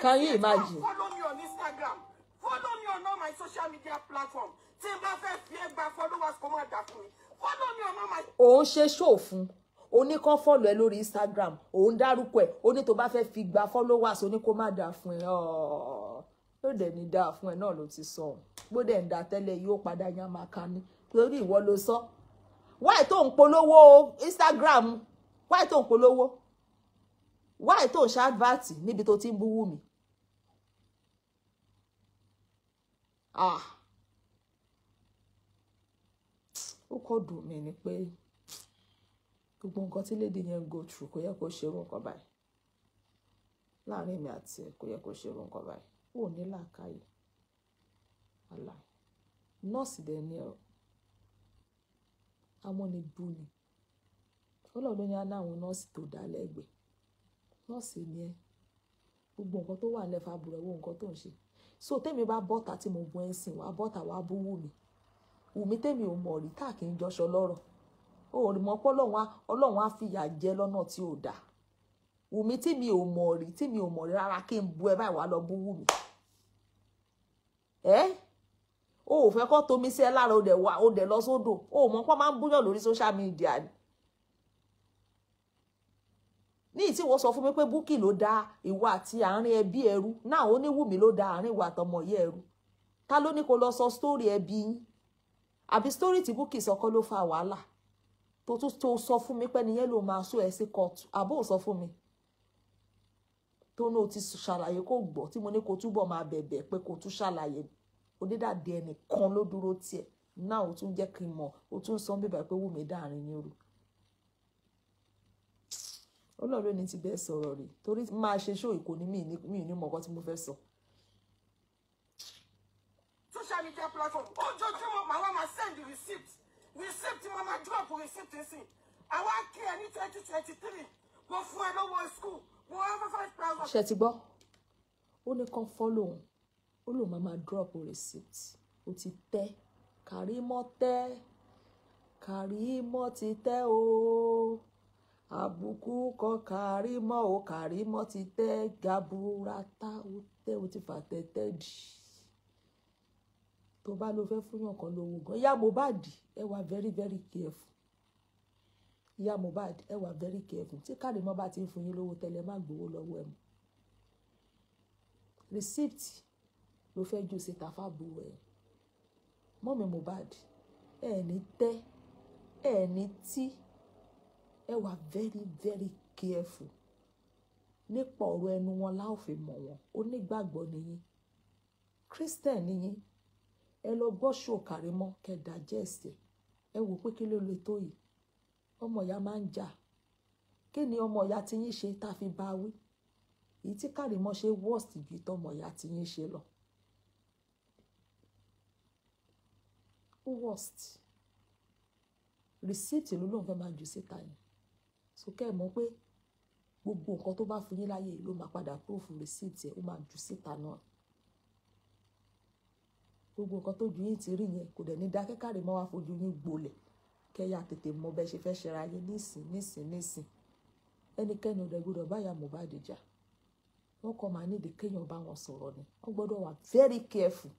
Can you imagine? Follow me on Instagram. Follow me on all my social media platform. Tí n bá fẹ́ fi ẹgbà followers kò máa dà fún mi. Follow me on all my. Òun ṣe ṣòfun oníkan fọ́lọ̀ ẹ lórí Instagram òun dárúkọ ẹ ó ní tó bá fẹ́ fi gba followers ó ní kó má dáa fún ẹ ló dẹ̀ ní dáa fún ẹ náà ló ti sọ bó dẹ̀ ń da tẹ́lẹ̀ yóò padà yan máa ka ní torí ìwọ ló sọ wáì tó ń polówó Instagram wáì tó ń polówó why tó ń ṣàdvàtì níbi tó ti ń bú Wumi ah ó kọ́ dùn mí ni pé gbogbo nǹkan tí lédi yẹn ń go through kò yẹ kó ṣerú nǹkan báyìí láàrin mi àti ẹ kò yẹ kó ṣerú nǹkan báyìí ó ní làákàyè àlà nọ́ọ̀sì dẹ̀ ní ọ amúnibú ni ọlọ́run ló ní á láwọn nọ́ọ̀sì tó dá lẹ́gbẹ̀ẹ́ nọ́ọ̀sì ni ẹ gbogbo nǹkan tó wà nílẹ̀ fàbùrẹ̀ wo nǹkan tó ń ṣe so tèmi bá bọ́ta tí mo bu ẹ̀sìn wá bọ́ta wá bú wù mí wù mí tèmi ò mọ̀ rí tá kì í jọṣọ lọ́rọ̀ o ò rí mọ́ pé ọlọ́run á fìyà jẹ lọ́nà tí ò dáa wù mí tí mi ò mọ̀ rí tí mi ò mọ̀ rí rárá kí n bu ẹ báyìí wá lọ bú wù mí ẹ o ò fẹ́ kọ́ tomi sí ẹ lára o dẹ̀ lọ sódò o ò mọ̀ pé máa ń búyàn lórí social media ni ní ìtí wọ́n sọ fún mi pé Bukky ló da ìwà àti àárín ẹbí ẹrú náà ó ní Wùmí ló da àárín ìwà àtọmọ yẹ ẹrú ta ló ní kó lọ sọ sítórì ẹbí yín àbí sítórì tí Bukky sọkọ ló fa wàhálà tó tún tó sọ fún mi pé nìyẹn ló máa sún ẹ sí kóòtù àbó ò sọ fún mi tó náà ti ṣàlàyé kó gbọ́ tí mo ní kó túbọ̀ máa bẹ̀bẹ̀ pé kó tún ṣàlàyé onídàdé ẹnìkan ló dúró tiẹ̀ náà ó tún jẹ́ kí n mọ̀ ó tún sọ bíbá pé Wùmí dáàrin ní òru ọlọ́run ní ti bẹ́ẹ̀ sọ̀rọ̀ rè torí máa ṣe ṣó ìkò ní mí ní mọ̀ọ́kọ́ tí mo fẹ́ sọ. social media platform ojoojúmọ́ màá máa send receipt receipt mo máa drop receipt sí àwa kí ẹ ní twenty twenty three mo fún ẹ lọ́wọ́ school mo wá five thousand. ṣe ti gbọ́ ó ní kàn follow òun ó lòun máa máa drop receipt ó ti tẹ́ Karimo tẹ́ Karimo ti tẹ́ ooo àbùkù kọ Karimo o Karimo ti tẹ́ gaburata ó tẹ́ ó ti fàtẹ́tẹ́ dì tó bá ló fẹ́ fún yàn lówó gan ìyá Mohbad ẹ wà very very careful Ya Mohbad ẹ wà very careful tí Karimo bá ti ń fún yín lówó tẹ́lẹ̀ má gbowó lọ́wọ́ ẹ̀ mọ́ receipt ló fẹ́ jù síta fáàbù ẹ̀ mọ́mí Mohbad ẹ̀ ní tẹ́ ẹ̀ ní tí ẹ wà very very careful nípa ọ̀rọ̀ ẹnu wọn la ó fi mọ̀ wọn onígbàgbọ́ nìyí christian nìyí ẹ lọ gbọ́ ṣòkàrí mọ́ kẹ́ digest ẹ wò pé kí ló lè tó yìí ọmọ ìyá máa ń jà kí ni ọmọ ìyá ti yín ṣe tá a fi bá wí èyí tí kàrímọ́ ṣe worst ju tọmọ ìyá ti yín ṣe lọ. worst receipt ló lóun fẹ́ máa jù síta yẹn so kẹ́ ẹ̀ mọ̀ pé gbogbo nǹkan tó bá fún yín láyè ló máa padà proof receipt ẹ̀ ó máa jù síta náà gbogbo nǹkan tó ju yín ti rí yẹn kò dẹ̀ ní dákẹ́ káre mọ́ wá fojú yín gbolẹ̀ kẹ́yà tètè mọ bẹ́ẹ̀ ṣe fẹ́ ṣera yín nísìn nísìn nísìn ẹnikẹ́ni ò gbọ́dọ̀ báyà Mohbad jà wọ́n kọ́ máa nídìí kéèyàn bá wọn sọ̀rọ̀ ni wọ́n gbọ́dọ̀ wà very careful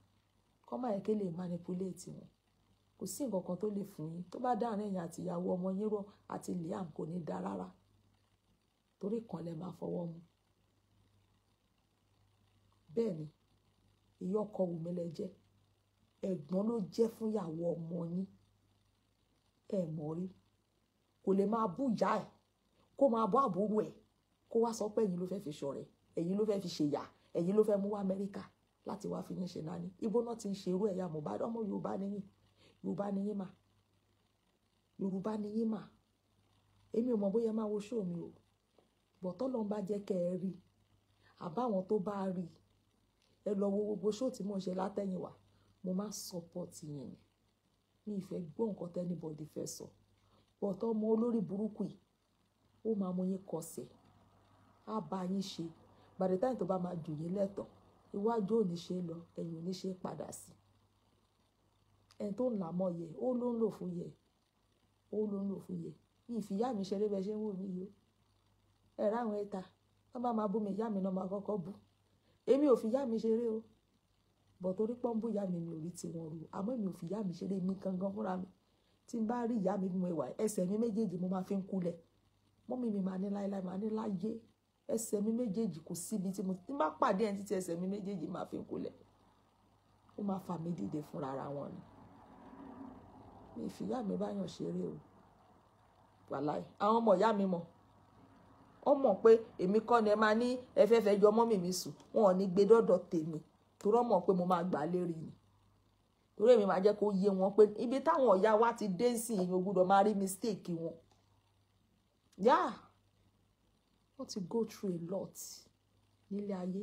kọ́ máa yẹ kí lè manipulate wọn kò sí nǹkan kan tó lè fún yín tó bá dáhùn ẹ̀yìn àtìyàwó ọmọ yín rọ àti Liam kò ní dá rárá torí kan lẹ máa fọwọ́ mu bẹ́ẹ̀ ni ìyá ọkọ Wùmí lẹ jẹ́ ẹ̀gbọ́n ló jẹ́ fúnyàwó ọmọ yín ẹ̀ mọ̀ rí kò lè máa bú ìyá ẹ̀ kó máa bọ́ àbúrò ẹ̀ kó wá sọ pé ẹ̀yin ló fẹ́ fi ṣọ̀rẹ́ ẹ̀yin ló fẹ́ fi ṣèyà ẹ̀yin ló fẹ́ mú wá Amẹ́ríkà láti wá fi ní ṣe náà ní ibo náà ti ń ṣerú ẹ̀yà Mohbad ọmọ Yorùbá nìyí Yorùbá ni yín mà. Yorùbá ni yín mà. Èmi ò mọ̀ bóyá máa wo show mi o. But t'Ọlọ́run bá jẹ́ kẹ́ ẹ rí. Àbá tó bá rí. Ẹ lọ wo gbogbo show tí mò ń ṣe látẹ̀yìnwá. Mo máa support yín ni. Mi ì fẹ́ gbọ́ nǹkan tí anybody fẹ́ sọ. But ọmọ olórí burúkú yìí, ó máa mú yín kọsẹ̀. Á bá yín ṣe. By the time tó bá máa jù yín lẹ́tọ̀ọ́, iwájú ò ní ṣe lọ, ẹ̀yìn ò ṣe padà sí ẹni tó ń là mọ́ yẹ ó ló ń lò fún yẹ ó ló ń lò fún yẹ mi ìfìyà mi ṣeré bẹ́ẹ̀ ṣe ń wò mí yìí o ẹ̀ ráwọn ẹ̀ta wọ́n bá máa bú mi ìyá mi náà máa kọ́kọ́ bú èmi ò fi ìyá mi ṣeré o bọ̀ torí pọ́ńbù ìyá mi mi ò rí tiwọn rò àmọ́ èmi ò fi ìyá mi ṣeré mi gangan fúnra mi tí n bá rí ìyá mi bí mo wà ẹsẹ̀ mi méjèèjì mo máa fi ń kulẹ̀ mọ́mí mi máa ní láéláé máa ní láyé ẹsẹ̀ mi méjèèjì kò síbi tí mo ti bá pàdé ẹni títí ẹsẹ̀ mi méjèèjì máa fi ń kulẹ̀ ó máa fà mí dìde fúnra ara wọn ni mi ìfìyà mi báyàn ṣeré o wàláì àwọn ọmọ ìyá mi mọ̀ ó mọ̀ pé èmi kọ́ ni ẹ máa ní ẹfẹ́fẹ́ jọ mọ́mì mi sùn wọn ò ní gbé dọ́dọ̀ tèmi torọ́ mọ̀ pé mo máa gbà lérí ni torí èmi máa jẹ́ kó yé wọn pé ibi táwọn ọ̀yá wa ti dé sí èyí o gbúdọ̀ máa rí mistake wọn yá wọ́n ti go through a lot nílé ayé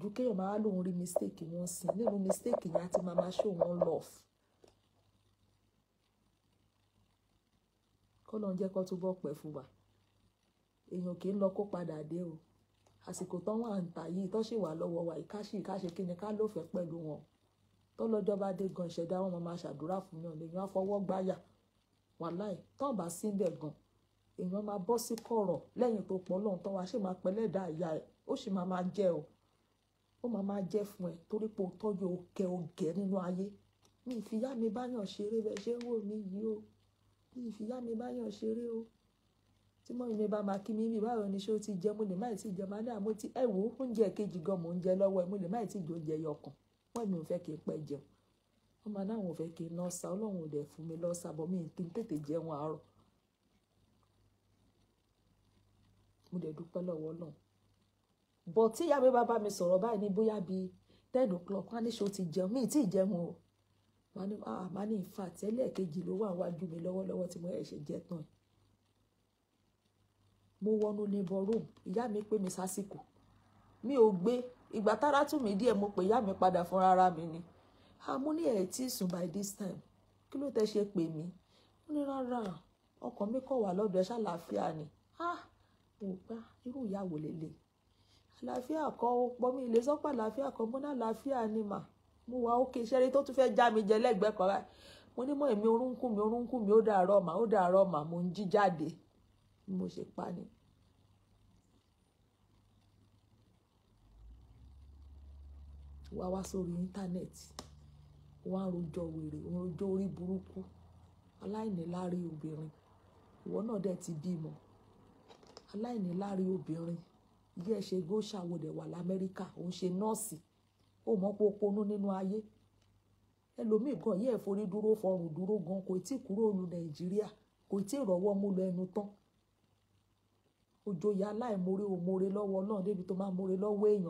ju kéèyàn máa lóun rí mistake wọn sí nínú mistake yẹn á ti máa show wọn love kọ́lọ́n jẹ́ kó túbọ̀ pẹ́ fún wa èèyàn kì í lọ kó padà dé o àsìkò tán wà ń tà yìí tán sì wà lọ́wọ́ wa ìkáṣí ìkáṣe kí ni ká lófẹ̀ẹ́ pẹ̀lú wọn tọ́lọ́jọ́ bá dé gan ìṣẹ̀dá wọn máa ṣàdúrà fún yàn lèèyàn á fọwọ́ gbáyà wàláì tán bá síbẹ̀ gan èèyàn máa bọ́ sí kọ̀rọ̀ lẹ́yìn tó pọ̀ lọ́hùn tán wá ṣì máa pẹlẹ́dà ìyá ẹ̀ ó sì máa máa jẹ́ o ó máa máa jẹ́ fún ẹ torí pé o tọ́jú o kẹ o gẹ̀ nínú ayé mi ìfìyà mi báyàn ṣeré bẹ́ẹ̀ ṣé ń wò mí yìí o mi fi yá mi báyọ̀ ṣeré o tí mọ́mí mi bá máa kí mi mi báwo ni ṣé o ti jẹ mo lè má ì tí jẹ máa ní àmọ́ tí ẹ wo oúnjẹ kejì gan mò ń jẹ lọ́wọ́ ẹ mo lè má ì tí jẹ oúnjẹ yọ ọkàn wọ́n mi ò fẹ́ kí n pẹ́ jẹun wọ́n máa náà wọ́n fẹ́ kí n lọ́sà ọlọ́run ò dẹ̀ fún mi lọ́sà bọ́ mi kí n tètè jẹun àárọ̀ mo dẹ̀ dúpẹ́ lọ́wọ́ náà bọ̀ tí ìyá mi bá bá mi sọ̀rọ̀ báyìí ní bóyá bíi ten o'clock wọ́n á ní ṣé o ti jẹun mi ì tí ì jẹun o màá ní ah màá ní ìfà tẹ́lẹ̀ kejì ló wà wájú mi lọ́wọ́lọ́wọ́ tí mo ẹ̀ ṣe jẹ tán mo wọnú neighbor room ìyá mi pè mí sásìkò mi ò gbé ìgbà tára tù mí díẹ̀ mo pè ìyá mi padà fúnra ara mi ni àmú ní ẹ̀ tí sùn by this time kí ló tẹ́ ṣe pè mí ó ní rárá ọkàn mi kọ̀ wà lọ́dọ̀ ẹ ṣàlàáfíà ni ah, mo gbá ah, irú ìyàwó lélẹ̀ àlàáfíà kọ́ ó pọ́nmi ìlẹ́sọ́pọ̀ àlàáfíà kọ́ mọ́ná àlàáfíà ni mà mo wà ókè ṣẹ́rí tó tún fẹ́ já mi jẹ lẹ́gbẹ̀ẹ́ kan báyìí mo ní mọ̀ èmi orúnkún mi orúnkún mi ó dàárọ̀ mà ó dàárọ̀ mà mo ń jí jáde bí mo ṣe pa ni. wá wá sórí íńtánẹ́ẹ̀tì wá ń rojọ́ wèrè ń rojọ́ orí burúkú aláìníláárí obìnrin ìwọ náà dẹ̀ ti bímọ aláìníláárí obìnrin ilé ẹ̀ ṣe gọ́ṣà wà lamẹ́ríkà òun ṣe nọ́ọ̀sì ó mọ̀ pé ó ponú nínú ayé ẹlòmíì gan yẹ́ ẹ̀fọ́rí dúró fọrùn dúró gan kò tí kúrò lu nàìjíríà kò tí rọ́wọ́ mú lọ ẹnu tán òjòyè aláìmoore òmoore lọ́wọ́ náà débi tó máa moore lọ́wọ́ èèyàn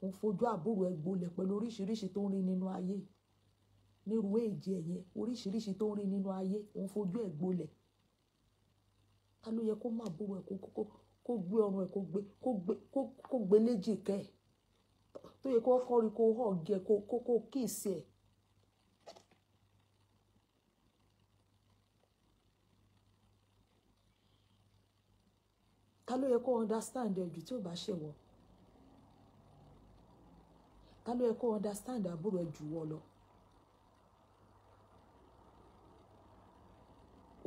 mo fojú àbúrò ẹ gbolẹ̀ pẹ̀lú oríṣiríṣi tó ń rí nínú ayé nírú èjì ẹ̀yẹ oríṣiríṣi tó ń rí nínú ayé mo fojú ẹ gbolẹ̀ ta ló yẹ kó má búrò ẹ kó gbé ọrùn ẹ kó gbé kó gbé gbé léjìkẹ́ ẹ̀ tó yẹ kó kọrin kó hàn gẹ kó kókó kíìsì ẹ̀. ta ló yẹ kó understand ẹ jù tí ò bá ṣe wọ ta ló yẹ kó understand àbúrò ẹ jù wọ lọ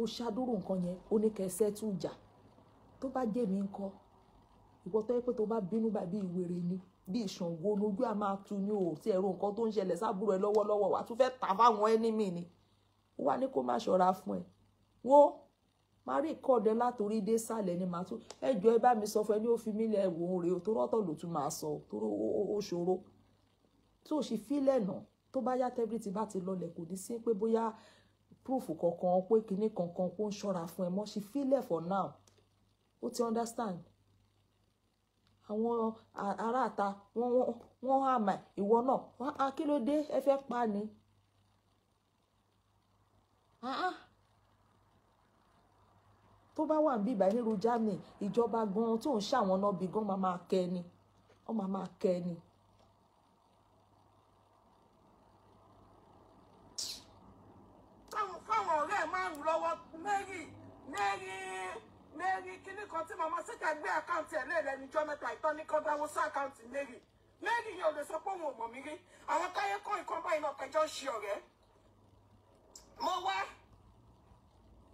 ó ṣàdúró nǹkan yẹn ó ní kẹsẹ tún jà tó bá jẹ́ mi ń kọ́ ìwọ tó yẹ pé tó bá bínú bá bí ìwèrè ni bí ìṣàngó lójú a máa tu ni o tí ẹ̀rọ nǹkan tó ń ṣẹlẹ̀ sábúrò ẹ lọ́wọ́lọ́wọ́ wà tún fẹ́ẹ́ tà fáwọn ẹnímì ni ó wà ní kó má ṣọ́ra fún ẹ wo máa rí ìkọ́ọ̀dẹ látòrí dé sàlẹ̀ ni màá tún ẹjọ́ ẹ bá mi sọ fún ẹ ní ó fi mí lẹ̀ wò ó rèé tó rọ́tọ̀ ló tún máa sọ tó ó ṣòro tó sì fílẹ̀ nà tó bá yá tẹ́bí bá ti lọlẹ̀ kò ní sí pé bóyá púrúfù kankan pé kinní kankan kó ń ṣọ́ra fún ẹ mọ́ sì fílẹ̀ for now ó ti understand àwọn aráàta wọ́n wọ́n àmà ìwọ náà wọ́n á kí ló dé ẹ fẹ́ pa ni. tó bá wà bíbá nírú Germany ìjọba gan tó ń ṣàwọn náà bí gan máa máa kẹ́ ni wọ́n máa máa kẹ́ ni. káwọn ọ̀rẹ́ máa ń lọ́wọ́ mẹ́rin mẹ́rin mary kíní kan tí màmá síkà gbé àkáǹtì ẹ̀ lẹ́ẹ̀lẹ́ níjọ́ mẹ́ta ìtàn ní kan dáwọ́ sí àkáǹtì mary mary yẹn ò lè sọ pé òun ò mọ̀ mí rí àwọn táyé kọ́ ìkan báyìí náà pẹ̀jọ́ ṣe ọ̀rẹ́ mo wá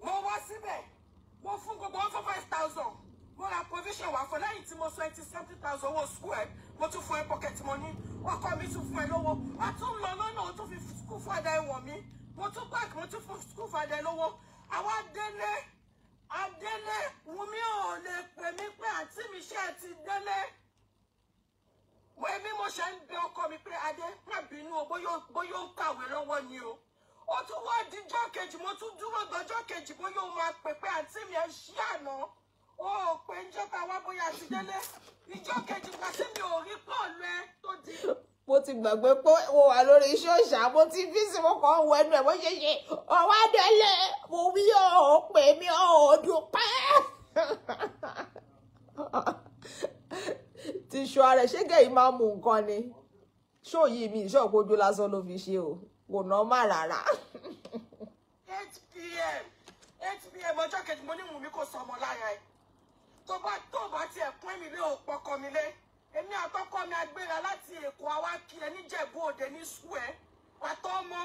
mo wá síbẹ̀ mo fún gbogbo one five thousand mo ra provision wà fún lẹ́yìn tí mo sọ eighty seventy thousand owó school ẹ̀ mo tún fún ẹ pocket money ọkọ mi tún fún ẹ lówó a tún lọ lọ́nà ó tún fi school father ẹ̀ wọ̀n mo tún back mo tún fún school father ẹ̀ lówó àwa délé adélé wumi ò lè pè mí pé àǹtí mi ṣe ti délé mo mo ṣe ń bẹ ọkọ mi pé adé má bínú o bóyá ó ń kàwé lọ́wọ́ ni o ó tún wá díjọ́ kejì mo tún dúró dọjọ́ kejì bóyá ó máa pè pé àǹtí mi ẹ ṣí àná ó pé ń jọba wá bóyá ti délé ìjọ́ kejì gbà mi ò rí pọ́ọ̀lù ẹ tó di mo ti gbàgbé pé mo wà lórí iṣẹ́ òṣà mo ti fi sí mo wọ ẹnu ẹ̀ mo ọwọ́ adẹ́lẹ̀ mo wí ọ̀hún pè mí ọ̀hún dúpẹ́. ti ṣọ ara ẹ̀ ṣé gẹ̀yìn máa mú nǹkan ni ṣó yìí mi ìṣọ́ òpójú lásán ló fi ṣe o kò ná má rárá. eight pm ọjọ́ kejì mo ní mú mi kò sọ ọmọ lára ẹ̀ tó bá tó bá tiẹ̀ pín mi lé òpó ọkọ mi lé èmi àtọkọ mi agbéra láti èkó àwa kí ẹ níjẹ̀bú òde ní sùúrù ẹ pàtó ọmọ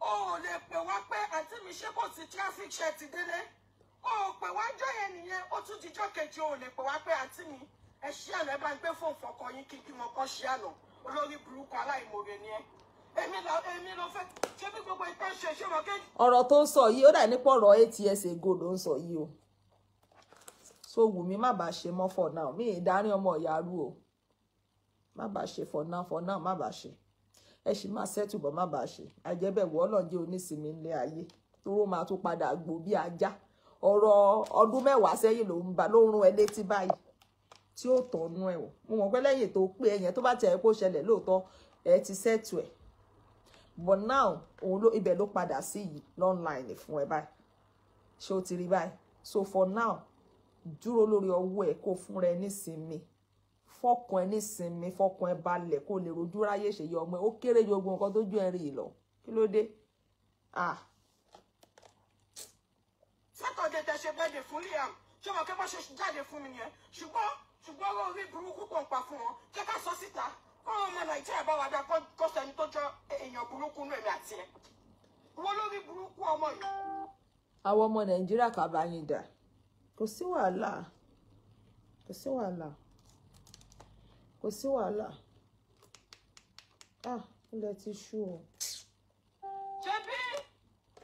o ò lè pè wá pé àǹtí mi ṣé kò sí traffic ṣe ti délé o ò pè wá jọ yẹn nìyẹn ó tún dijọ́ kejì o ò lè pè wá pé àǹtí mi ẹ ṣí àná ẹ bá ń gbé fóònù fọkọ yín kí kí wọn kọ́ ṣí àná olórí burúkú aláìmoore ni ẹ èmi lọ èmi lọ fẹ́ ṣé bí gbogbo ìtàn ṣe ṣé wọn kéjì. ọ̀rọ̀ tó ń sọ yìí ó dà nípa ọ̀rọ̀ eight years ago ló ń sọ yìí o so Wùmí ma bàa ṣe mọ́ for now mi ìdarí ọmọ ìyá rú o má bàa ṣe for now for now ma bàa ṣe ẹ sì máa settle bọ̀ má bàa ṣe àjẹbẹ̀wò ọlọ́njẹ́ onísìnmi ńlẹ̀ ayé tóró máa tún padà gbò bí ajá ọ̀rọ̀ ọdún mẹ́wàá sẹ́yìn ló ń ba ló ń rún ẹ Ti báyìí tí ó tọ̀nú ẹ̀ wọ̀ mo mọ̀ pé lẹ́yìn tó pé ẹ̀yẹn tó bá tiẹ̀ kó ṣẹlẹ̀ lóòótọ́ ẹ ti settle ẹ̀ but now òun ló ibẹ̀ ló padà sí yìí online fún ẹ báyìí ṣé o ti rí báyìí so for now dúró lórí ọwọ́ ẹ kó fúnra ẹ nísinmi fọkàn ẹ nísinmi fọkàn ẹ balẹ̀ kó lè rojú ráyè ṣèyí ọmọ ẹ ó kéré ju ogun nǹkan tó ju ẹrin ìlọ kí ló dé. sátọ̀dẹ̀ tẹ ṣe bẹ́ẹ̀dẹ̀ fún Liam ṣé wọn kẹ́ bọ́ ṣe jáde fún mi nìyẹn ṣùgbọ́n ṣùgbọ́n orí burúkú kò ń pa fún wọn jẹ́ ká sọ síta kó wọn ọmọ Nàìjíríà bá wà dá kó sẹni tó jọ èèyàn burúkú nù èmi àti ẹ wọ́n lórí burúkú ọmọ yìí. àwọn ọmọ Nàìjíríà kà bá yín dà kò sí wàhálà kò sí wàhálà kò sí wàhálà ah ilẹ̀ ti ṣú o. ṣebí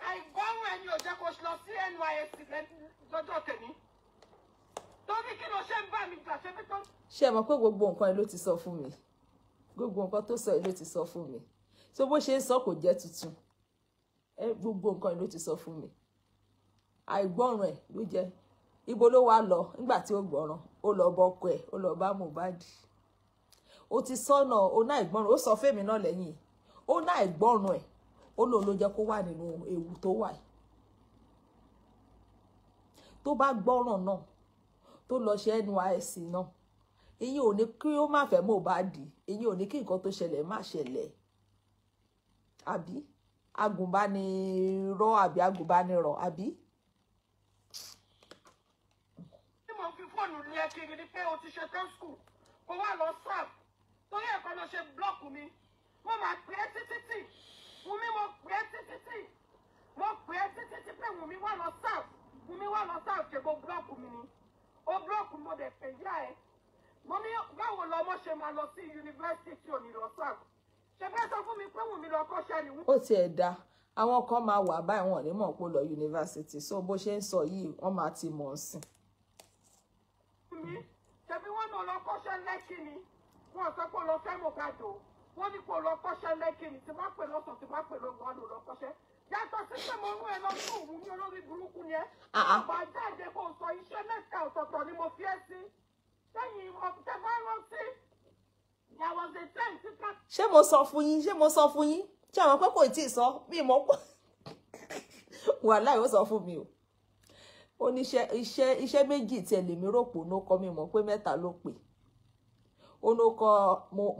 àìgbọ́rùn ẹni ò jẹ́ kó lọ sí NYSC lọ́jọ́ tèmi torí kí ló ṣe ń bá mi jà ṣe fi tó. ṣé ẹ mọ̀ pé gbogbo nǹkan ẹ ló ti sọ fún mi gbogbo nǹkan tó sọ ẹ ló ti sọ fún mi tó bó ṣe ń sọ kò jẹ́ tuntun gbogbo nǹkan ẹ ló ti sọ fún mi àìgbọ́ràn ẹ ló jẹ́ ibo ló wá lọ nígbà tí ó gbọ́ràn ó lọ bọ́kọ ẹ̀ ó lọ bá Mohbad ó ti sọ́nà ó náà ìgbọ́ràn ó sọ fèmí náà lẹ́yìn ó náà ìgbọ́ràn ẹ̀ ó lò ló jẹ́ kó wà nínú ewu tó wà yìí tó bá gbọ́ràn náà tó lọ ṣe NYSC náà èyí ò ní kí ó má fẹ́ Mohbad èyí ò ní kí nǹkan tó ṣẹlẹ̀ má ṣẹlẹ̀ àbí agùnbánirọ̀ àbí agùnbánirọ̀ àbí. pòlù ní ẹ kiri ni pé o ti ṣe tán skul kó wà lọ sáf torí ẹ̀kọ́ ló ṣe blọ́ọ̀kù mi mo máa pè é títí tì Wùmí mo pè é títí tì mo pè é títí tì pé Wùmí wà lọ sáf Wùmí wà lọ sáf ṣe bó blọ́ọ̀kù mi ni ó blọ́ọ̀kù mo dẹ̀ fẹ́ yá ẹ mo ní báwo lọmọ ṣe máa lọ sí yunifásitì tí ò ní lọ sáf ṣe fẹ́ sọ fún mi pé Wùmí lọ kọ́ṣẹ́ ni. ó tiẹ̀ da àwọn kan máa wà báyìí wọn ò ní mọ̀ pé ó lọ yunifásitì so bó ṣe ń sọ yìí wọ́n máa ti mọ̀ ọ́n sìn yìí ṣebí wọ́n lọ kọ́ṣẹ́ lẹ́kì ni wọ́n sọ pé lọ fẹ́ mọ̀ ká dò wọ́n ní kó lọ kọ́ṣẹ́ lẹ́kì ni tí wọ́n pè lọ́sàn tí wọ́n pè lọ́gbọ́n ló lọ kọ́ṣẹ́ yàtọ̀ sí pé mo rún ẹ lọ fún òun ní olórí burúkú ni ẹ ah, ah. ọba jáde kó sọ iṣẹ́ mẹ́ta ọ̀tọ̀ọ̀tọ̀ ni mo fi ẹ́ sí sẹ́yìn ọ̀tẹ̀ bá rántí ìyàwó ṣé mo sọ fún yín ṣé mo sọ fún yín ṣé àwọn pé kò tí ì sọ bí mo pọ wàhálà yóò sọ fún mi o ó ní iṣẹ́ iṣẹ́ iṣẹ́ méjì tí ẹ lè mí rò pò ní ó kọ́ mi mọ̀ pé mẹ́ta ló pè ó ní kọ́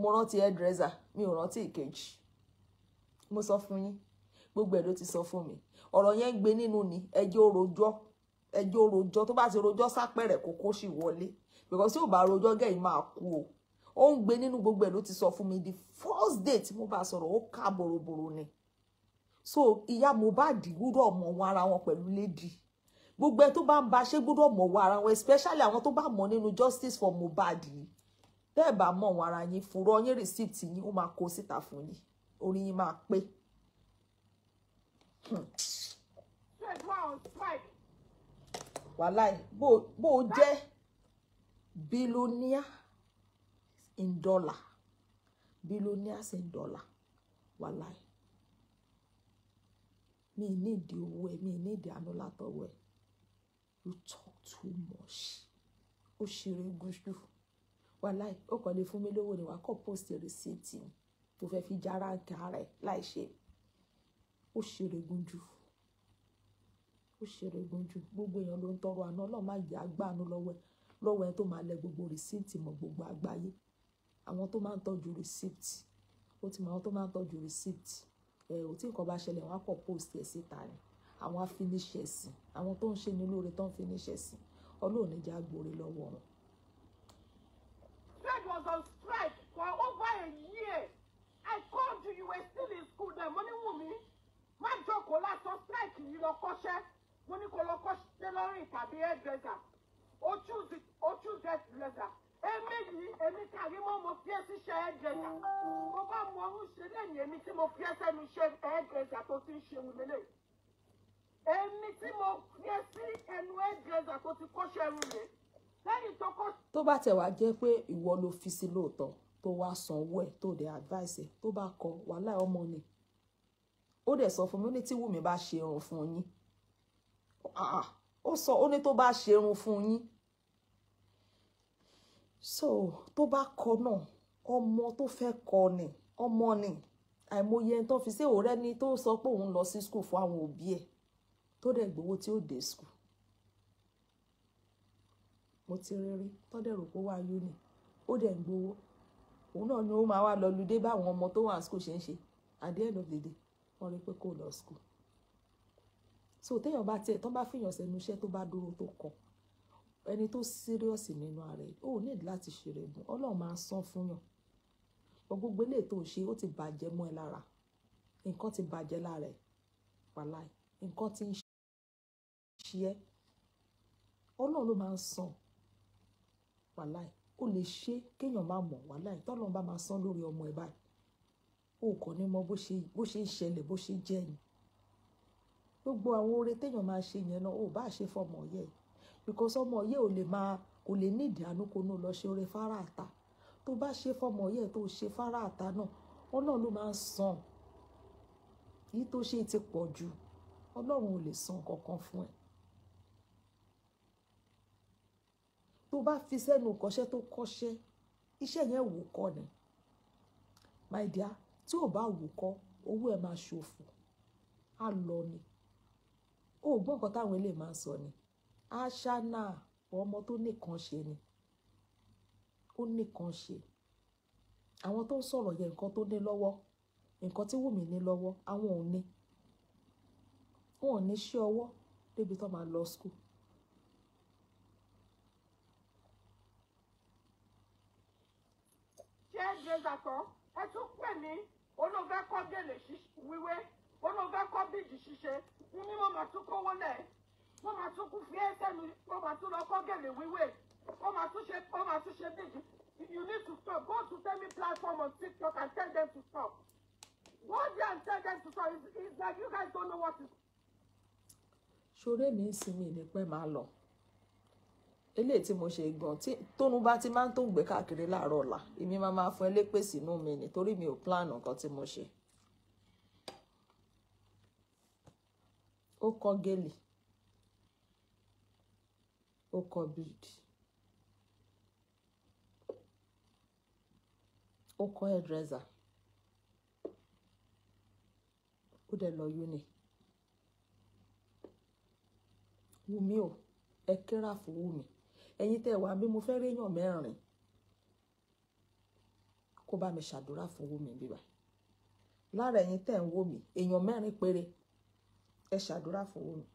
mo rántí hairdresser mi ò rántí ìkejì mo sọ fún yín gbogbo ẹ̀ ló ti sọ fún mi ọ̀rọ̀ yẹn ń gbé nínú ni ẹjọ́ rojọ́ ẹjọ́ rojọ́ tó bá ti rojọ́ sápẹ̀rẹ̀ kókó sì wọlé because tí ò bá rojọ́ gẹ̀yìn máa kú o ó ń gbé nínú gbogbo ẹ̀ ló ti sọ fún mi the first date mo bá sọ̀rọ̀ ó ká boroboro ni so ìyá Mohbad gbúdọ̀ mọ̀ wọn ara wọn pẹ̀lú lady gbogbo ẹ tó bá ń ba ṣe gbọ́dọ̀ mọ̀ wọ ara wọn especially àwọn tó bá mọ̀ nínú justice for Mohbad yìí bẹ́ẹ̀ bá mọ̀ wọn ara yín fúnrọ́ yín receipt yín ó máa kó síta fún yín orí yín máa pé. wàláì bó o jẹ́ billionaire in dollar billionaires in dollar wàláì mi ní ìdí owó ẹ mi ní ìdí àánú látọwọ́ ẹ you talk too much ó ṣeré gúúsù wàláì ó kàn lè fún mi lówó ni wàá kọ́ post rìsíìtì tó fẹ́ fi jára kára ẹ̀ láì ṣe ó ṣeré gúnjú ó ṣeré gúnjú gbogbo èèyàn ló ń tọrọ àná ọlọ́run má yà á gbàánú lọ́wọ́ ẹ lọ́wọ́ ẹ tó máa lẹ gbogbo rìsíìtì mọ́ gbogbo àgbáyé àwọn tó máa ń tọ́jú rìsíìtì ó ti mọ àwọn tó máa ń tọ́jú rìsíìtì ẹ ò tí nǹkan bá ṣẹlẹ̀ wọn á kọ́ post ẹ̀ síta ni àwọn afiniṣẹ̀sìn àwọn tó ń ṣe ní lóore tó ń finiṣẹ̀sìn ọlọ́run níjà gbòòrè lọ́wọ́ wọn. Fred was on strike for over a year. I called you, you were still in school then. Mo ní Wùmí, má jókòó lásán strike yìí lọ kọ́ṣẹ́. Mo ní kó lọ kọ́ṣẹ́ tailoring tàbí hairdresser. O choose o choose hairdresser. Èmi yìí, èmi kàrí mọ́ mo fi ẹ́sí ṣe hairdresser. Mo bá mọ ọrùn ṣe lẹ́yìn èmi tí mo fi ẹ́sẹ́ mi ṣe hairdresser tó ti ń ṣe wù lélẹ̀ èmi tí mo fi sí ẹnu ẹ̀dẹ̀ẹ̀dà tó ti kọ́ṣẹ́ ẹrú rè lẹ́yìn tó kọ́. tó bá tẹ̀ wá jẹ́ pé ìwọ ló fi sí lóòótọ́ tó wá sanwó ẹ̀ tó dẹ̀ advice ẹ̀ tó bá kọ wàhálà ọmọ ni ó dẹ̀ sọ fún mi ó ní tí Wùmí bá ṣe irun fún yín ó sọ ó ní tó bá ṣe irun fún yín so tó bá kọ náà ọmọ tó fẹ́ kọ ni ọmọ ni àìmọye tó fi sí ọ̀rẹ́ ni tó sọ pé òun lọ sí school fún àwọn òbí ẹ̀ tó dẹ̀ gbowó tí ó dé skul mo ti rí rí tó dẹ̀ rò pé wá uni ó dẹ̀ ń gbowó òun náà ni ó máa wá lọ lùdé báwọn ọmọ tó wà skul ṣe ń ṣe at the end of the day wọ́n rí pé kó lọ skul so téèyàn bá tiẹ̀ tó bá fìyàn sẹ́nu iṣẹ́ tó bá dúró tó kọ ẹni tó síríọ̀sì nínú ara ẹ̀ ó nídìí láti ṣeré gun ọlọ́run máa san fún yàn gbogbo eléyìí tó ṣe ó ti bàjẹ́ mọ́ ẹ lára nǹkan ti bàjẹ́ lára ẹ̀ pàláì nǹkan ti ń ṣe ẹ́ ọlọ́run ló máa ń san wàláì ó lè ṣe kéèyàn má mọ̀ wàláì tọ́lọ́run bá máa san lórí ọmọ ẹ̀ báyìí ó kàn ní mọ bó ṣe ń ṣẹlẹ̀ bó ṣe jẹ́ yìí gbogbo àwọn oore téèyàn máa ṣe yẹn náà ó bá ṣe fọmọ yẹ because ọmọ yẹ ò lè máa kò lè ní ìdánù kó nù lọ ṣe oore fara àta tó bá ṣe fọmọ yẹ tó ṣe fara àta náà ọlọ́run ló máa ń san èyí tó ṣe ti pọ̀ jù ọlọ́run ò lè san kankan fún ẹ tó bá fi sẹ́nu kọ́ṣẹ́ tó kọ́ṣẹ́ iṣẹ́ yẹn wò kọ́ ni my dear tí ò bá wò kọ́ owó ẹ̀ máa ṣòfò á lọ ni ó gbọ́ táwọn eléyìí máa ń sọ ni àṣà náà ọmọ tó nìkan ṣe ni ó nìkan ṣe àwọn tó ń sọ̀rọ̀ yẹn nǹkan tó ní lọ́wọ́ nǹkan tí Wùmí ní lọ́wọ́ àwọn ò ní wọn ò ní ṣe ọwọ́ débi tó máa lọ school hairdresser tán ẹ tún pè ní olóòfẹ́ kọ́ gèlè wíwé olóòfẹ́ kọ́ bíìjì ṣíṣe ní ní mo máa tún kówó lẹ̀ mo máa tún kú fi ẹsẹ̀ mi mo máa tún lọ kọ́ gèlè wíwé mo máa tún ṣe mo máa tún ṣe bíìjì you need to stop go to tell me platform on TikTok and tell them to stop go there and tell them to stop it's, it's like you guys don't know what to ṣoré mi ń sinmi ní pẹ́ máa lọ eléyìí tí mo ṣe gan tóun bá ti máa ń tó gbé káàkiri láàárọ̀ ọ̀la èmi máa máa fún ẹ lépè sínú mi nítorí mi ò plan nǹkan tí mo ṣe. ó kọ gélì ó kọ bíìdì ó kọ hairdresser ó dẹ̀ lọ uni Wùmí o ẹ kéra fún Wùmí ẹ̀yin tẹ́ wà bí mo fẹ́ réyàn mẹ́rin kó bá mi ṣàdúrà fún wómi bíbá lára ẹ̀yin tẹ́ ń wò mí èèyàn mẹ́rin péré ẹ ṣàdúrà fún wómi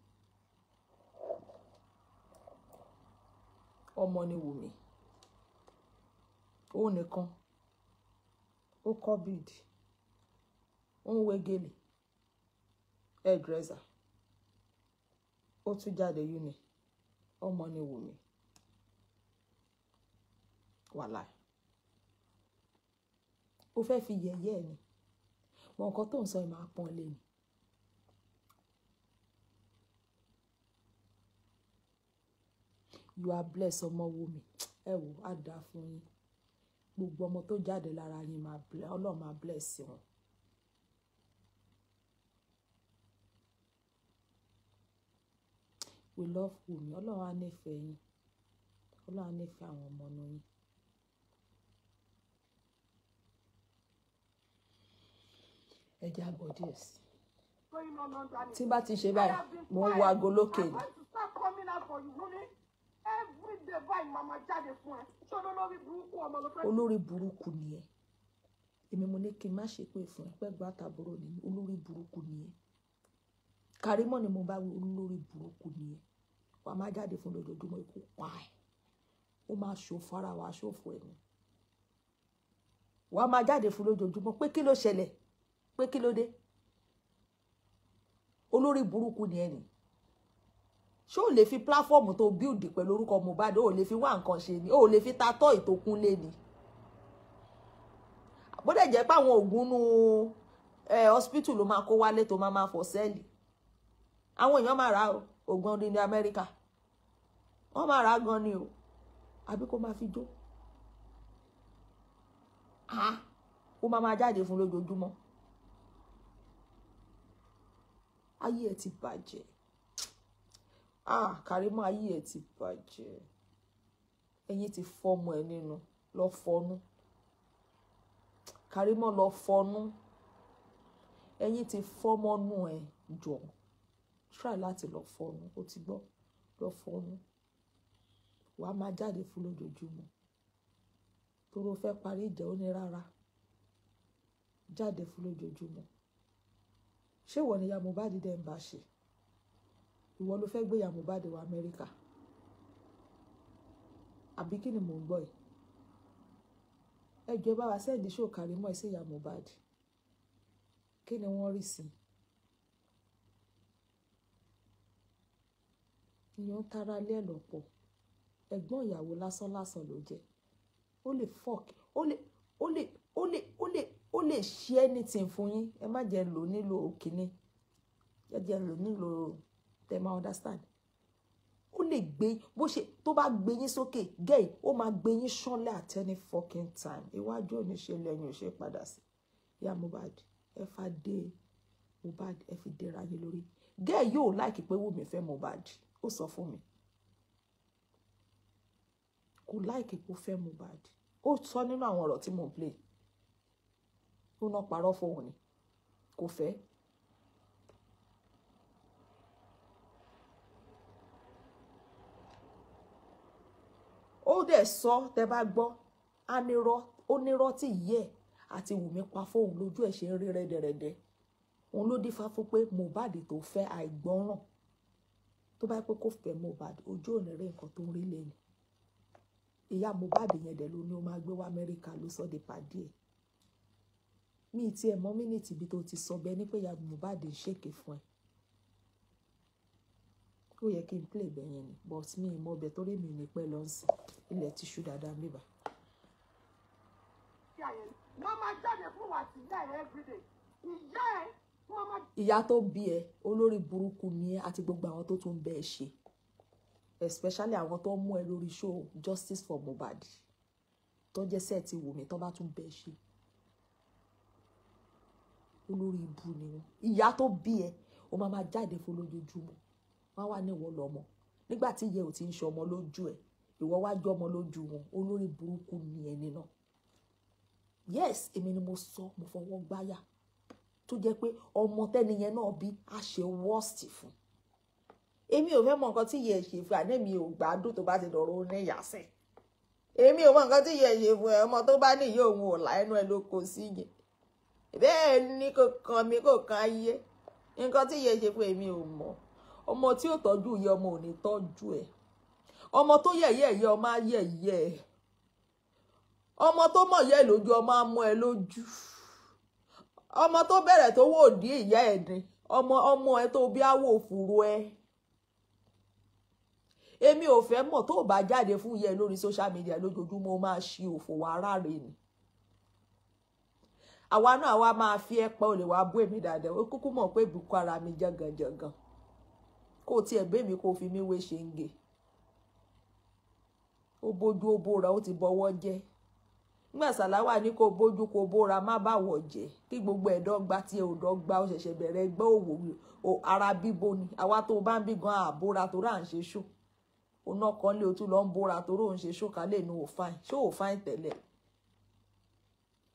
ọmọ ni wùmí òun nìkan ó kọ́ bíìdì ó ń wé gèlè hairdresser ó tún jáde uni ọmọ ni wùmí wàhálà o fẹ́ fi yẹ̀yẹ́ ni wọn nǹkan tó ń sọ yìí máa pọ́n lé ni. you are blessed ọmọ wo mi ẹ wò á dá fún yín gbogbo ọmọ tó jáde lára yín ọlọ́run máa bless wọn. we love Wumi ọlọ́run á nífẹ̀ẹ́ yín ọlọ́run á nífẹ̀ẹ́ àwọn ọmọ náà yín. ẹja bọ̀ díẹ̀ sí tí bá ti ṣe báyìí mo ń wo aago lókè ni. olórí burúkú ni ẹ èmi mo ní kí n má ṣe pé fún ẹ pẹ́gbọ́n àtàbúrò ni olórí burúkú ni ẹ Karimọ ni mo bá wí olórí burúkú ni ẹ wàá má jáde fún lójoojúmọ́ ikú pa ẹ ó máa ṣòfò ara wa ṣòfò ẹ ni wàá má jáde fún lójoojúmọ́ pé kí ló ṣẹlẹ̀ pé kí ló dé olórí burúkú ni ẹni ṣé ò lè fi pláfọ́ọ̀mù tó bíldì pẹ̀lú orúkọ Mohbad ò lè fi wá nǹkan ṣe ni ò lè fi ta tọ́ ìtókúnlé ni bódẹ̀ jẹ́ pé àwọn ògùn nu hospital ló máa kó wálé tó máa máa fọ̀ sẹ́ẹ̀lì àwọn èèyàn máa ra ògùn ọdún ní Amẹ́ríkà wọ́n máa ra gan ni o àbí kó máa fi jó kó máa máa jáde fún lójoojúmọ́ ayé ẹ ti bàjẹ́ ah Karimo ayé ẹ ti bàjẹ́ ẹ̀yin ti fọmọ ẹ nínú lọ fọnú Karimo lọ fọnú ẹ̀yin ti fọmọnú ẹ jọ try láti lọ fọnú ó ti gbọ́ lọ fọnú wàá máa jáde fún lójoojúmọ́ tó ló fẹ́ parí ìjà ó ní rárá jáde fún lójoojúmọ́ ṣé ìwọ ni ìyá Mohbad dẹ̀ ń bá ṣe ìwọ ló fẹ́ gbé ìyá wá Amẹ́ríkà àbí kí ni mò ń gbọ́ yìí ẹjọ́ bá wa sẹ́ẹ̀dì ṣó Karimo ẹ̀ sí ìyá kí ni wọ́n rí sí ìyàn ń tara lé ẹ̀ lọ́pọ̀ ẹ̀gbọ́n ìyàwó lásán lásán ló jẹ́ ó lè fọ́ọ̀kì ó lè ó lè ó lè lè ṣe anything fún yín ẹ má jẹ́ lò nílò kínní ẹ jẹ́ lò nílò tẹ́ understand ó lè gbé bó ṣe tó bá gbé yín sókè gẹ́ẹ̀ ó máa gbé yín ṣánlẹ̀ at any fucking time iwájú ò ní ṣe lẹ́yìn ò ṣe padà sí ìyá Mohbad ẹ fa dé Mohbad ẹ fi dẹ́ra yín lórí gẹ́ẹ̀ yóò láìkí pé Wùmí fẹ́ Mohbad ó sọ fún mi kò láìkí pé ó fẹ́ Mohbad ó tọ́ nínú àwọn ọ̀rọ̀ tí mo play ó náà parọ́ fóun ni kò fẹ́. ó dẹ̀ sọ tẹ bá gbọ́ anirọ́ ó nírọ́ tí yẹ àti wùmí pa fóun lójú ẹ̀ ṣe ń rí rẹ́dẹ̀rẹ́dẹ́ òun ló dífá fún pé Mohbad tó fẹ́ àìgbọ́ràn tó bá pẹ́ kó fẹ́ Mohbad ojú òní rí nǹkan tó ń rí lẹ́nu ìyá Mohbad yẹn dẹ̀ ló ní ó máa gbé wá Amẹ́ríkà ló sọ de pàdé ẹ̀ mi ti ẹ̀ mọ́ mínítì ibi tó ti sọ bẹ́ẹ̀ ni pé ìyá Mohbad ń ṣèké fún ẹ ó yẹ kí n play ibẹ̀ yẹn ni but mi ì mọ ọbẹ̀ torí mi ní pẹ́ lọ́sìn ilẹ̀ ti ṣú dáadáa mi bá. wọ́n máa jáde fún wa sí ìyá tó bí ẹ olórí burúkú ni ẹ àti gbogbo àwọn tó tún bẹ ẹ ṣe especially àwọn tó mú ẹ lórí show justice for Mohbad tó jẹ́ sẹ́ẹ̀tì wùmí tó bá tún bẹ ẹ ṣe olórí ibu ni wọn ìyá tó bí ẹ o máa máa jáde fún lójoojúmọ́ wọn wà ní ìwọ lọmọ nígbà tí ìyẹ ò ti ń ṣe ọmọ lójú ẹ ìwọ wá jọ ọmọ lójú wọn olórí burúkú ni ẹni náà yes èmi ni mo sọ mo fọwọ́ gbáyà tó jẹ́ pé ọmọ tẹ́ni yẹn náà bí a ṣe worst fún èmi ò fẹ́ mọ nǹkan tí ìyẹ ṣe fún àná mi ò gbádùn tó bá ti dọ̀rọ̀ ó ní ìyàsẹ̀ èmi ò mọ nǹkan tí ìyẹ ṣe fún ẹ ọmọ tó bá ní ìyá òun ò là ẹ ló kó sí yẹn bẹ́ẹ̀ ni kò kan mi kò kan ayé nǹkan tí yẹ ṣe fún èmi ò mọ̀ ọmọ tí ò tọ́jú yẹ ọmọ ò ní tọ́jú ẹ̀ ọmọ tó yẹ̀yẹ́ yẹ ọmọ á yẹ̀yẹ́ ẹ̀ ọmọ tó mọ̀ yẹ́ lójú ọmọ á ẹ lójú ọmọ tó bẹ̀rẹ̀ tó wò dí ìyá ẹ̀ ni ọmọ ọmọ ẹ tó bí á fúru ẹ èmi ò fẹ́ mọ̀ tó bá jáde fún yẹ lórí social media lójoojúmọ́ máa ṣe òfò wàhálà rẹ ni àwa náà wá máa fi ẹ pa olè wá bú èmi dáadáa ó kúkú mọ̀ pé ìbùkún ara mi janganjangan kó o tiẹ̀ bẹ́ẹ̀ mi kó o fi mí wé ṣe ń gè ó bójú ó bóra ó ti bọ́wọ́ jẹ́ nígbà sàláwà ní kó bójú kó bóra má báwọ̀ jẹ́ kí gbogbo ẹ̀ dọ́gba tí ẹ ò dọ́gba ó ṣẹ̀ṣẹ̀ bẹ̀rẹ̀ ẹgbẹ́ òwò ara bíbo ni àwa tó bá ń bí gan àbóra tó rà ń ṣe ṣó oná kan lé o tún lọ ń bóra tó rò ń ṣe ṣó kálẹ̀ nu òfáìn ṣó òfáìn tẹ́lẹ̀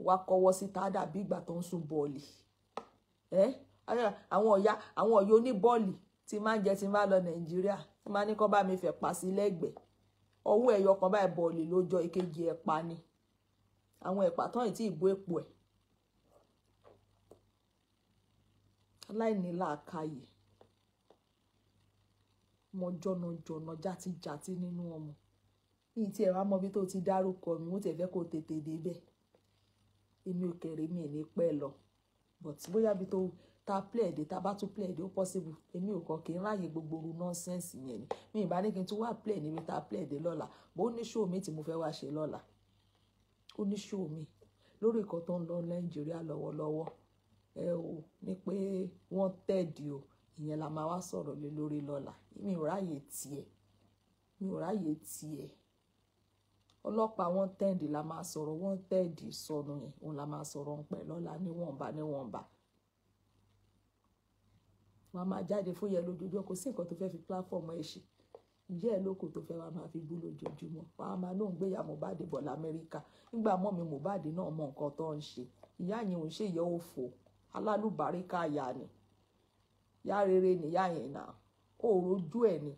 wá kọ́wọ́ síta dàbí ìgbà tó ń sun bọ́ọ̀lì ẹ́ àwọn ọ̀yà àwọn ọ̀yà oníbọ́ọ̀lì tí máa ń jẹ tí máa lọ nàìjíríà tí máa ní kọ́ bá mi fẹ̀ pa sí lẹ́gbẹ̀ẹ́ ọwọ́ ẹ̀yọ kan báyìí bọ́ọ̀lì ló jọ èkejì ẹ̀ pa ni àwọn ẹ̀pà tán ì tí ì bó èpò ẹ̀ aláìníláàkáyè mọ jọ̀nàjọ̀nà játíjátí nínú ọmọ ní ìtí ẹ̀rọ amọ́bí tó ti dárúkọ mi wọ́n ti ẹ̀fẹ́ kó tètè débẹ̀ èmi ò kéré mi ò ní pẹ́ lọ but bóyá bí tó ta play de ta bá tún play de ó possible èmi ò kàn kí n ráàyè gbogbo oru nonsense yẹn ni mi ì bá ní kí n tún wá play níbi ta play de lọ́la bó ní show mi tí mo fẹ́ wá ṣe lọ́la ó ní show mi lórí nǹkan tó ń lọ nàìjíríà lọ́wọ́lọ́wọ́ ẹ o ní pé wọ́n tẹ̀dí o ìyẹn la máa wá sọ̀rọ̀ lé lórí lọ́la mi ò ráàyè tiẹ̀ mi ò ráàyè tiẹ̀ ọlọ́pàá one third la máa sọ̀rọ̀ one third sọnù yẹn òun la máa sọ̀rọ̀ ń pẹ̀ lọ́la níwọ̀nba níwọ̀nba wọn a máa jáde fún yẹn lójoojúmọ́ kò sí nǹkan tó fẹ́ fi platform ẹ̀ ṣe ìyá ẹ̀ lóko tó fẹ́ wàá máa fi bú lójoojúmọ́ wọn a máa lóun gbéyà Mohbad bọ̀ lamẹ́ríkà nígbà mọ́ mi Mohbad náà mọ nǹkan tó ń ṣe ìyá yẹn ò ṣe ìyá òfò alálùbáríkà ni yá rere nìyá yẹn ni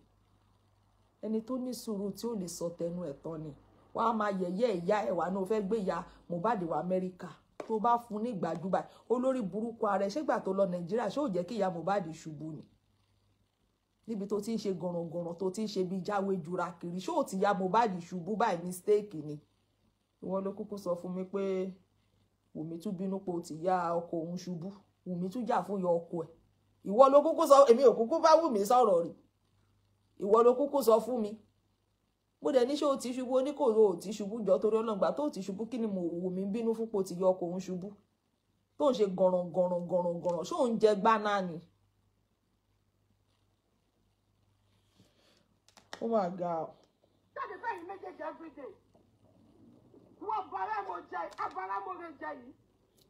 ẹni tó ní sùúrù tí ó lè sọ tẹnu ẹ̀ tán ni wọ́n á máa yẹ̀yẹ́ ìyá ẹ̀ wà náà fẹ́ gbé ìyá Mohbad wá Amẹ́ríkà tó bá fún ní gbàdúgbà olórí burúkú ààrẹ ṣégbà tó lọ Nàìjíríà ṣé ò jẹ́ kí ìyá Mohbad ṣubú ni níbi tó ti ń ṣe gọ̀rọ̀gọ̀rọ̀ tó ti ń ṣe bíi jáwé jura kiri ṣé ò ti ìyá Mohbad ṣubú by mistake ni ìwọ ló kúkú sọ fún mi pé Wùmí tún bínú pé ó ti ya ọkọ òun ṣubú Wùmí tún jà fún yọ ọkọ ẹ̀ ìwọ ló kúkú sọ èmi ò kúkú bá Wùmí sọ̀rọ̀ rí ìwọ ló kúkú sọ fún mi mo dẹ̀ ní ṣé o ti ṣubú oníkòrò o ti ṣubú jọ torí ọlọ́ngbà tó ti ṣubú kí ni mo wò mí bínú fún po ti yọ ọkọ̀ òun ṣubú tó ń ṣe gọ̀ràn gọ̀ràn gọ̀ràn gọ̀ràn ṣó ń jẹ gbáná ni. ó mà ga ọ. jáde fẹ́yìn méjèèjì everyday wọ́n bara mo jẹ abara mo lè jẹ yìí.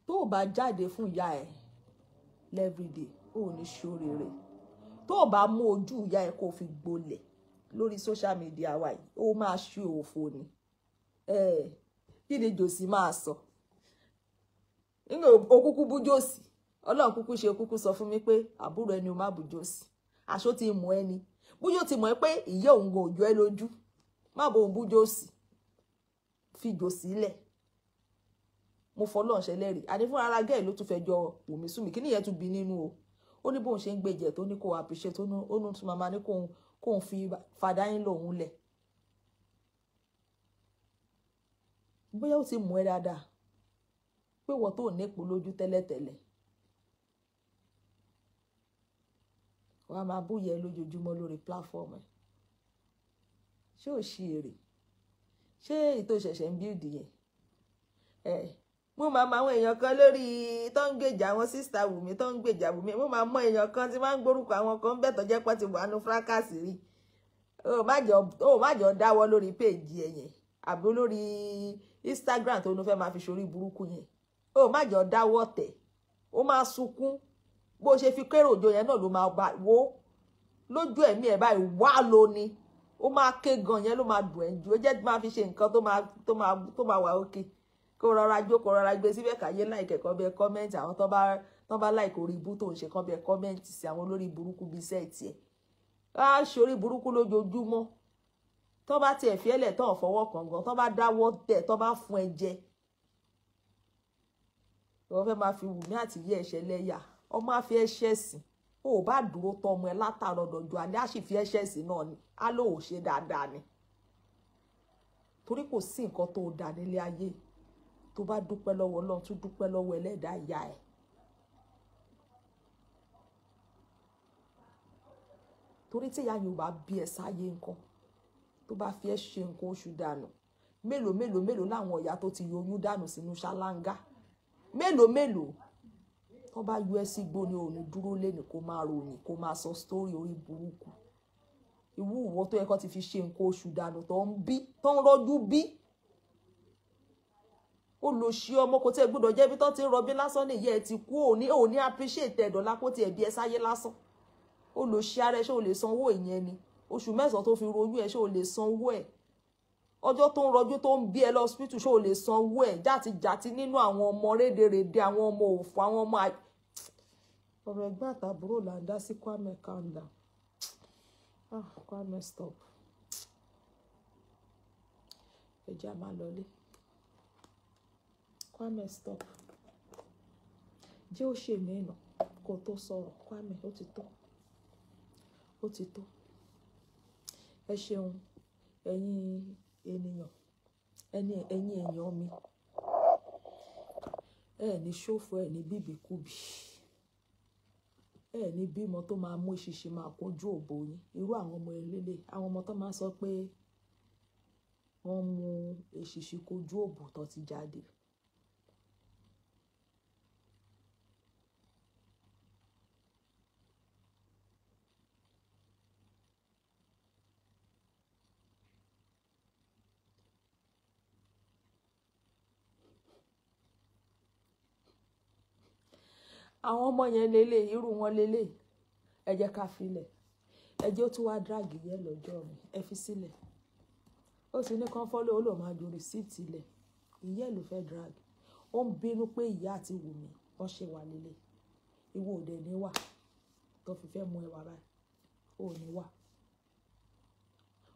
tó o bá jáde fún ìyá ẹ lẹ́fìdè ó ní ṣoríire tó o bá mú ojú ìyá ẹ kó o fi gbolẹ̀ lórí social media wa yìí ó máa ṣú òfò ni kí ni jòsí máa sọ nínú okúkú bú jòsí ọlọ́run kúkú ṣe kúkú sọ fún mi pé àbúrò ẹni o má bú jòsí àṣó ti mọ̀ ẹni bújó ti mọ̀ ẹ́ pé ìyá òun gan òjò ẹ lójú má bo òun bújó sí fi jò sílẹ̀ mo fọlọ́run ṣẹlẹ́rìí àní fúnra ara gẹ́ẹ̀ ló tún fẹ́ jọ òmísùnmí kí nìyẹn tún bí nínú o ó ní bóun ṣe ń gbèjẹ tó ní kó appreciate tó ní ó ní tún máa ní kóun kóun fi fàdá yín lòun lẹ̀ bóyá ó ti mú ẹ dáadáa pé wọ́n tó nípò lójú tẹ́lẹ̀tẹ́lẹ̀ wàá máa búyẹ lójoojúmọ́ lórí platform ẹ̀ ṣé ò ṣe èrè ṣé ètò ìṣẹ̀ṣẹ̀ ń bíìdì yẹn ẹ̀ mo máa mọ àwọn èèyàn kan lórí tó ń gbèjà àwọn sísítà Wùmí tó ń gbèjà Wùmí mo máa mọ èèyàn kan tí máa ń gbórúkọ àwọn kan bẹ́ẹ̀ tó jẹ́ pọ́n ti wà nù fúrákàsì rí o má jọ dáwọ́ lórí péèjì ẹ̀yìn àbí lórí Instagram tó ní fẹ́ máa fi ṣorí burúkú yẹn o má jọ dáwọ́ tẹ̀ ó máa sunkún bó ṣe fi kéré òjò yẹn náà ló máa bá wó lójú ẹ̀mí ẹ̀ báyìí wá lo ni ó máa ké gan yẹn ló máa dùn ẹ̀ ju ó jẹ́ máa fi ṣe nǹkan tó máa wà ókè. Okay kó rọra jó kó rọra gbé síbẹ̀ káyé láìkẹ́ kọ́ bẹ kọ́mẹ́ǹtì àwọn tó bá tó bá láìkẹ́ orí ibú tó ń ṣe kọ́ bẹ kọ́mẹ́ǹtì sí àwọn olórí burúkú bíi sẹ́ẹ̀tì ẹ̀ á ṣorí burúkú lójoojúmọ́ tó bá tiẹ̀ fiẹ́lẹ̀ tó fọwọ́ kàngan tó bá dáwọ́ tẹ̀ tó bá fún ẹ jẹ wọ́n fẹ́ máa fi wù mí àti yí ẹ̀ṣẹ̀ lẹ́yà ọmọ àfi ẹ̀ṣẹ̀ sìn ó bá dúró tọmọ ẹ látàrọ dọjọ alẹ́ àṣìfi ẹ̀ṣẹ̀ sìn náà ni á lóò ṣe dáadáa ni torí kò sí nǹkan tó dáa nílé ayé tó bá dúpẹ́ lọ́wọ́ Ọlọ́run tún dúpẹ́ lọ́wọ́ ẹlẹ́dàá ìyá ẹ̀. torí tí ìyá yìí ò bá bí ẹ sáyé nǹkan tó bá fi ẹ ṣe nǹkan oṣù dànù mélòó mélòó mélòó láwọn ìyá tó ti yọyún dànù sínú ṣáláńgá mélòó mélòó tó bá yọ ẹ sí igbó ni òun dúró lẹ́nu kó máa ròyìn kó máa sọ sítórì orí burúkú ìwú ìwọ tó yẹ kó ti fi ṣe nǹkan oṣù dànù tó ń bí tó ń rọjú bí olùsí ọmọ kò tẹ́ gbọ́dọ̀ jẹ́ bí tó ti ń rọbí lásán nìyẹn ẹ ti kú òní òní appreciate ẹ̀dọ̀lá kó tiẹ̀ bí ẹ sáyé lásán olùsí ara ẹ ṣé o lè sanwó ìyẹn ni oṣù mẹ́sàn-án tó fi rojú ẹ ṣé o lè sanwó ẹ̀ ọjọ́ tó ń rọjú tó ń bí ẹ lọ hospital ṣé o lè sanwó ẹ̀ játi játi nínú àwọn ọmọ rédeèrèdè àwọn ọmọ òfò àwọn ọmọ ọ̀rọ̀ ẹ̀gbọ́n àtàbúrò là ń dá sí Kwame kanda ah, Kwame stop ẹja máa lọlé. Kwame stop jẹ́ ó ṣe mẹ́nà kó tó sọ̀rọ̀ Kwame ó ti tó ó ti tó ẹ ṣeun ẹ̀yin ènìyàn ẹni ẹ̀yin èèyàn mi ẹ ní ṣòfò ẹ ní bíbíkúbi ẹ ní bímọ tó máa mú ìṣìṣì máa kojú òbò yín irú àwọn ọmọ eléle àwọn ọmọ tó máa sọ pé wọ́n mú èṣìṣì kojú òbò tó ti jáde àwọn ọmọ yẹn lélẹ̀ irú wọn lélẹ̀ ẹ jẹ́ ká filẹ̀ ẹ jẹ́ ó tún wá drag yẹn lọ́jọ́ mi ẹ fi sílẹ̀ ó sì ní kán fọ́lọ́ ó lò máa ju receipt ilẹ̀ ìyá ló fẹ́ drag ó ń bínú pé ìyá àti wùmí wọ́n ṣe wà lélẹ̀ ìwọ òde ní wà tó fi fẹ́ mú ẹ wà báyìí ó ní wà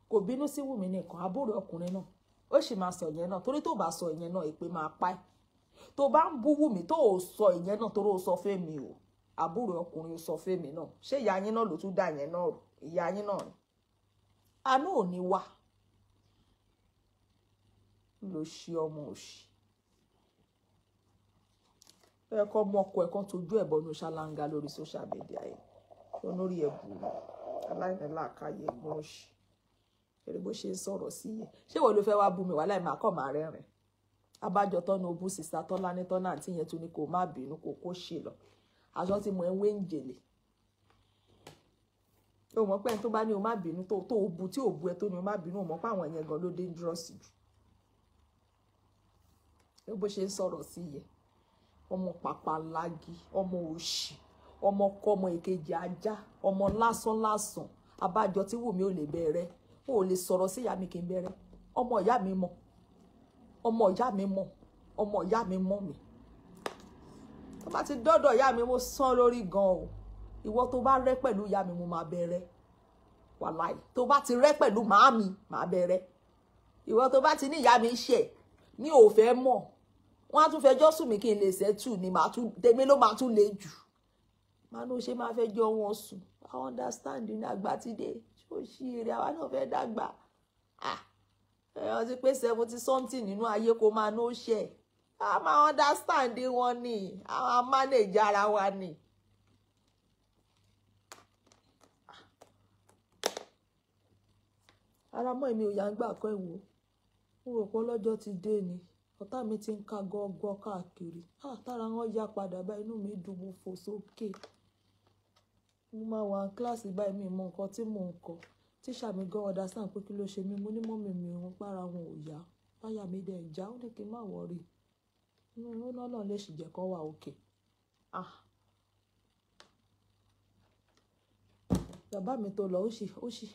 kò bínú sí wùmí nìkan àbúrò ọkùnrin náà ó sì máa sọ ìyẹn náà torí tó bá sọ ìyẹn náà èpè máa pa ẹ́ tó bá ń búwù mí tó o sọ ìyẹn náà toró o sọ fẹ́mi o àbúrò ọkùnrin sọ fẹ́mi náà ṣé ìyá yín náà ló tún dà yẹn náà rò ìyá yín náà ni àánú ò ní wá ló ṣe ọmọ òṣì ẹkọ ọmọ ọkọ ẹkọ tójú ẹbọ ní ṣáláńgá lórí social media yìí lórí ẹbù aláìníláàkáyé ẹ̀gbọ́n òṣì èrè ṣe ń sọ̀rọ̀ sí yẹ ṣé wo ló fẹ́ wá bú mi wà láì máa kọ máa rẹ́rìn abájọ tọ́nu obú sista tọ́lá ní tọ́nà àti yẹn tó ni kò má bínú kò kó ṣe lọ aṣọ tí mo ń wé ń jèlè o mọ̀ pé ẹni tó bá ní o má bínú tó tó o bu tí o bu ẹ tó ní o má bínú o mọ̀ pé àwọn ẹ̀yẹn gan ló dangerous jù ló bó ṣe ń sọ̀rọ̀ sí yẹ ọmọ pàpà lági ọmọ òṣì ọmọ kọmọ èkejì ajá ọmọ lásán lásán abájọ tí wùmí ò lè bẹ̀rẹ̀ o ò lè sọ̀rọ̀ sí ìyá mi kì í bẹ̀rẹ̀ ọmọ ìyá mi mọ̀ ọmọ ìyá mi mọ̀ ọmọ ìyá mi mọ̀ mi tó bá ti dọ́dọ̀ ìyá mi mo sán lórí gan o ìwọ tó bá rẹ́ pẹ̀lú ìyá mi mo máa bẹ̀rẹ̀ wàláì tó bá ti rẹ́ pẹ̀lú màá mi màá bẹ̀rẹ̀ ìwọ tó bá ti ní ìyá mi ṣe mi ò fẹ́ mọ̀ wọ́n á tún fẹjọ́ sùn mí kí n lè ṣẹ́tù ni màá tún tèmi ló máa tún le jù màá ló ṣe máa fẹjọ́ wọn sùn i understand ní àgbà ti dé ṣó ṣí eré àwa náà fẹ́ dàgbà ah ẹ̀rọ ti pé seventy something nínú ayé kó máa ní ó ṣe a máa understand wọn ni a máa manage ara wa ni. ara mọ́ èmi ò yá ń gbà kọ́ ìwò mo rò pé ọlọ́jọ́ ti dé ni ọ̀tá mi ti ń ka gọ́gọ́ káàkiri tára wọn yá padà bá inú mi dùn mo fò sókè mo máa wà ní kíláàsì báyìí mi mọ nǹkan tí mò ń kọ́ tíṣà mi gan understand pé kí ló ṣe mí mo ní mọ́mì mi òun para wọn ò yá báyà mi dẹ̀ já ó ní kí n má wọrí ó lọ́nà lè sì jẹ́ kọ́ wà òkè. Ah. bàbá mi tó lọ ó sì ó sì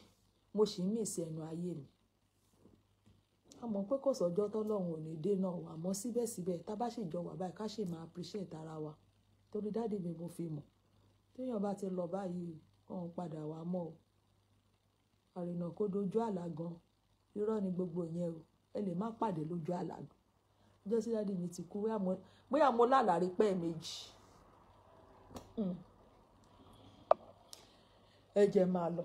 mo sì ń mèsì ẹnu ayé mi a mọ̀ pé kò sọ́jọ́ tọ́lọ́run ò ní dé náà wà mọ́ síbẹ̀síbẹ̀ tá a bá sì jọ wà báyìí ká sì máa appreciate ara wa torí dáàdì mi mo fi mọ̀ téèyàn bá ti lọ báyìí kàn padà wá mọ́ o àrìnà kó dojú àlà gan irọ́ ni gbogbo yẹn o ẹ lè má pàdé lójú àlà gan ọjọ́ sí dáàdi mi ti kú bóyá mo lálàá rí méjì hmm. ẹ jẹ́ máa lọ.